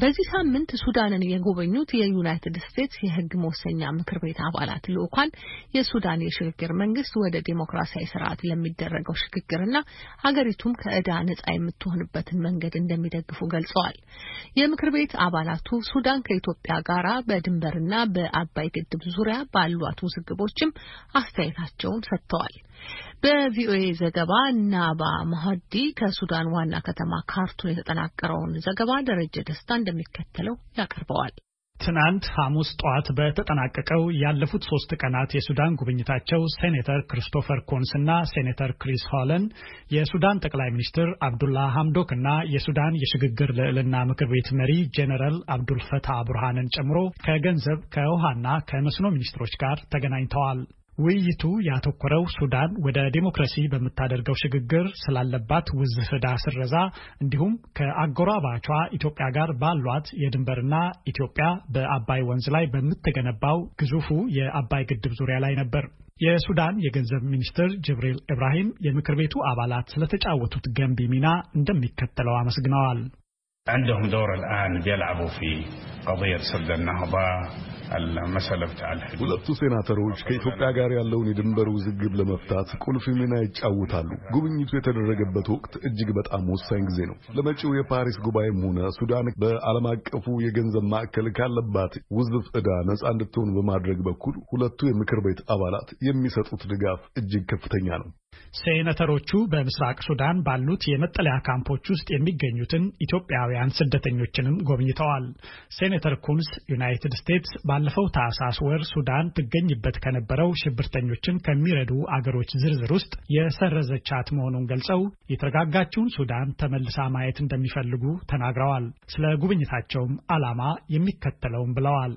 በዚህ ሳምንት ሱዳንን የጎበኙት የዩናይትድ ስቴትስ የሕግ መወሰኛ ምክር ቤት አባላት ልዑካን የሱዳን የሽግግር መንግስት ወደ ዴሞክራሲያዊ ስርዓት ለሚደረገው ሽግግርና ሀገሪቱም ከእዳ ነጻ የምትሆንበትን መንገድ እንደሚደግፉ ገልጸዋል። የምክር ቤት አባላቱ ሱዳን ከኢትዮጵያ ጋራ በድንበርና በአባይ ግድብ ዙሪያ ባሏት ውዝግቦችም አስተያየታቸውን ሰጥተዋል። በቪኦኤ ዘገባ ናባ ማሀዲ ከሱዳን ዋና ከተማ ካርቱም የተጠናቀረውን ዘገባ ደረጀ ደስታ እንደሚከተለው ያቀርበዋል። ትናንት ሐሙስ ጠዋት በተጠናቀቀው ያለፉት ሶስት ቀናት የሱዳን ጉብኝታቸው ሴኔተር ክሪስቶፈር ኮንስ እና ሴኔተር ክሪስ ሆለን የሱዳን ጠቅላይ ሚኒስትር አብዱላ ሐምዶክ እና የሱዳን የሽግግር ልዕልና ምክር ቤት መሪ ጄኔራል አብዱልፈታህ ቡርሃንን ጨምሮ ከገንዘብ ከውሃና ከመስኖ ሚኒስትሮች ጋር ተገናኝተዋል። ውይይቱ ያተኮረው ሱዳን ወደ ዴሞክራሲ በምታደርገው ሽግግር ስላለባት ውዝፍ ዕዳ ስረዛ እንዲሁም ከአጎራባቿ ኢትዮጵያ ጋር ባሏት የድንበርና ኢትዮጵያ በአባይ ወንዝ ላይ በምትገነባው ግዙፉ የአባይ ግድብ ዙሪያ ላይ ነበር። የሱዳን የገንዘብ ሚኒስትር ጅብሪል ኢብራሂም የምክር ቤቱ አባላት ስለተጫወቱት ገንቢ ሚና እንደሚከተለው አመስግነዋል። عندهم دور الآن بيلعبوا في قضية سد النهضة مسألة ሁለቱ ሴናተሮች ከኢትዮጵያ ጋር ያለውን የድንበር ውዝግብ ለመፍታት ቁልፍ ሚና ይጫወታሉ። ጉብኝቱ የተደረገበት ወቅት እጅግ በጣም ወሳኝ ጊዜ ነው። ለመጪው የፓሪስ ጉባኤም ሆነ ሱዳን በዓለም አቀፉ የገንዘብ ማዕከል ካለባት ውዝፍ ዕዳ ነጻ እንድትሆን በማድረግ በኩል ሁለቱ የምክር ቤት አባላት የሚሰጡት ድጋፍ እጅግ ከፍተኛ ነው። ሴነተሮቹ በምስራቅ ሱዳን ባሉት የመጠለያ ካምፖች ውስጥ የሚገኙትን ኢትዮጵያውያን ስደተኞችንም ጎብኝተዋል። ፒተር ኩንስ ዩናይትድ ስቴትስ ባለፈው ታህሳስ ወር ሱዳን ትገኝበት ከነበረው ሽብርተኞችን ከሚረዱ አገሮች ዝርዝር ውስጥ የሰረዘቻት መሆኑን ገልጸው የተረጋጋችውን ሱዳን ተመልሳ ማየት እንደሚፈልጉ ተናግረዋል። ስለ ጉብኝታቸውም ዓላማ የሚከተለውን ብለዋል።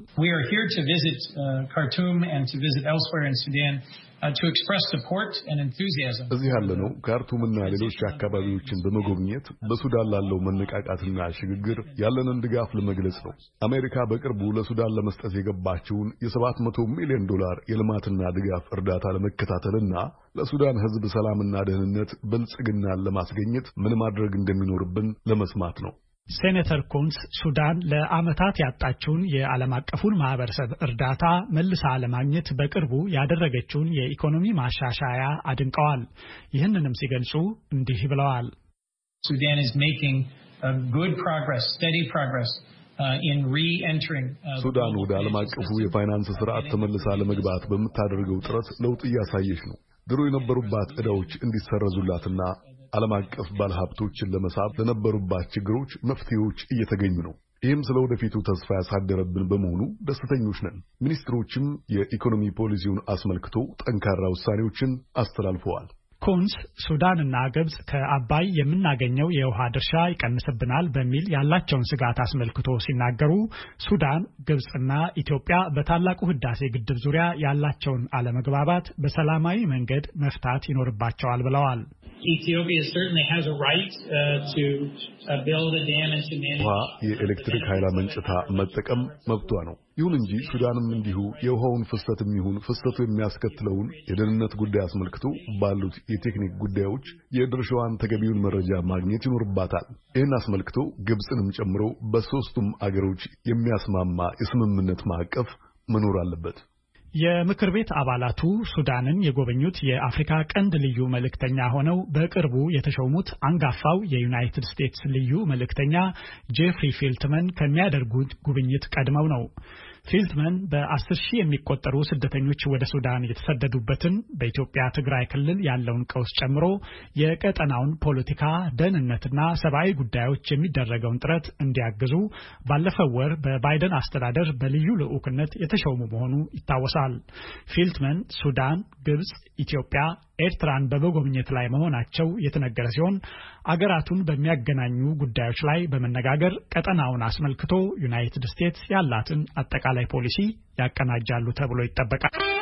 Uh, እዚህ ያለነው ካርቱምና ሌሎች አካባቢዎችን በመጎብኘት በሱዳን ላለው መነቃቃትና ሽግግር ያለንን ድጋፍ ለመግለጽ ነው። አሜሪካ በቅርቡ ለሱዳን ለመስጠት የገባችውን የ700 ሚሊዮን ዶላር የልማትና ድጋፍ እርዳታ ለመከታተልና ለሱዳን ሕዝብ ሰላምና ደህንነት ብልጽግናን ለማስገኘት ምን ማድረግ እንደሚኖርብን ለመስማት ነው። ሴኔተር ኩንስ ሱዳን ለዓመታት ያጣችውን የዓለም አቀፉን ማህበረሰብ እርዳታ መልሳ ለማግኘት በቅርቡ ያደረገችውን የኢኮኖሚ ማሻሻያ አድንቀዋል። ይህንንም ሲገልጹ እንዲህ ብለዋል። ሱዳን uh, uh, ወደ ዓለም አቀፉ የፋይናንስ ስርዓት ተመልሳ ለመግባት በምታደርገው ጥረት ለውጥ እያሳየች ነው። ድሮ የነበሩባት ዕዳዎች እንዲሰረዙላትና ዓለም አቀፍ ባለሀብቶችን ለመሳብ ለነበሩባት ችግሮች መፍትሄዎች እየተገኙ ነው። ይህም ስለ ወደፊቱ ተስፋ ያሳደረብን በመሆኑ ደስተኞች ነን። ሚኒስትሮችም የኢኮኖሚ ፖሊሲውን አስመልክቶ ጠንካራ ውሳኔዎችን አስተላልፈዋል። ኩንስ ሱዳንና ግብፅ ከአባይ የምናገኘው የውሃ ድርሻ ይቀንስብናል በሚል ያላቸውን ስጋት አስመልክቶ ሲናገሩ ሱዳን፣ ግብፅና ኢትዮጵያ በታላቁ ህዳሴ ግድብ ዙሪያ ያላቸውን አለመግባባት በሰላማዊ መንገድ መፍታት ይኖርባቸዋል ብለዋል። Uh, uh, ውሃ የኤሌክትሪክ ኃይል አመንጭታ መጠቀም መብቷ ነው። ይሁን እንጂ ሱዳንም እንዲሁ የውሃውን ፍሰት የሚሆን ፍሰቱ የሚያስከትለውን የደህንነት ጉዳይ አስመልክቶ ባሉት የቴክኒክ ጉዳዮች የድርሻዋን ተገቢውን መረጃ ማግኘት ይኖርባታል። ይህን አስመልክቶ ግብፅንም ጨምሮ በሦስቱም አገሮች የሚያስማማ የስምምነት ማዕቀፍ መኖር አለበት። የምክር ቤት አባላቱ ሱዳንን የጎበኙት የአፍሪካ ቀንድ ልዩ መልእክተኛ ሆነው በቅርቡ የተሾሙት አንጋፋው የዩናይትድ ስቴትስ ልዩ መልእክተኛ ጄፍሪ ፌልትመን ከሚያደርጉት ጉብኝት ቀድመው ነው። ፊልትመን በአስር ሺህ የሚቆጠሩ ስደተኞች ወደ ሱዳን የተሰደዱበትን በኢትዮጵያ ትግራይ ክልል ያለውን ቀውስ ጨምሮ የቀጠናውን ፖለቲካ ደህንነትና ሰብአዊ ጉዳዮች የሚደረገውን ጥረት እንዲያግዙ ባለፈው ወር በባይደን አስተዳደር በልዩ ልዑክነት የተሾሙ መሆኑ ይታወሳል። ፊልትመን ሱዳን፣ ግብፅ፣ ኢትዮጵያ ኤርትራን በመጎብኘት ላይ መሆናቸው የተነገረ ሲሆን አገራቱን በሚያገናኙ ጉዳዮች ላይ በመነጋገር ቀጠናውን አስመልክቶ ዩናይትድ ስቴትስ ያላትን አጠቃላይ ፖሊሲ ያቀናጃሉ ተብሎ ይጠበቃል።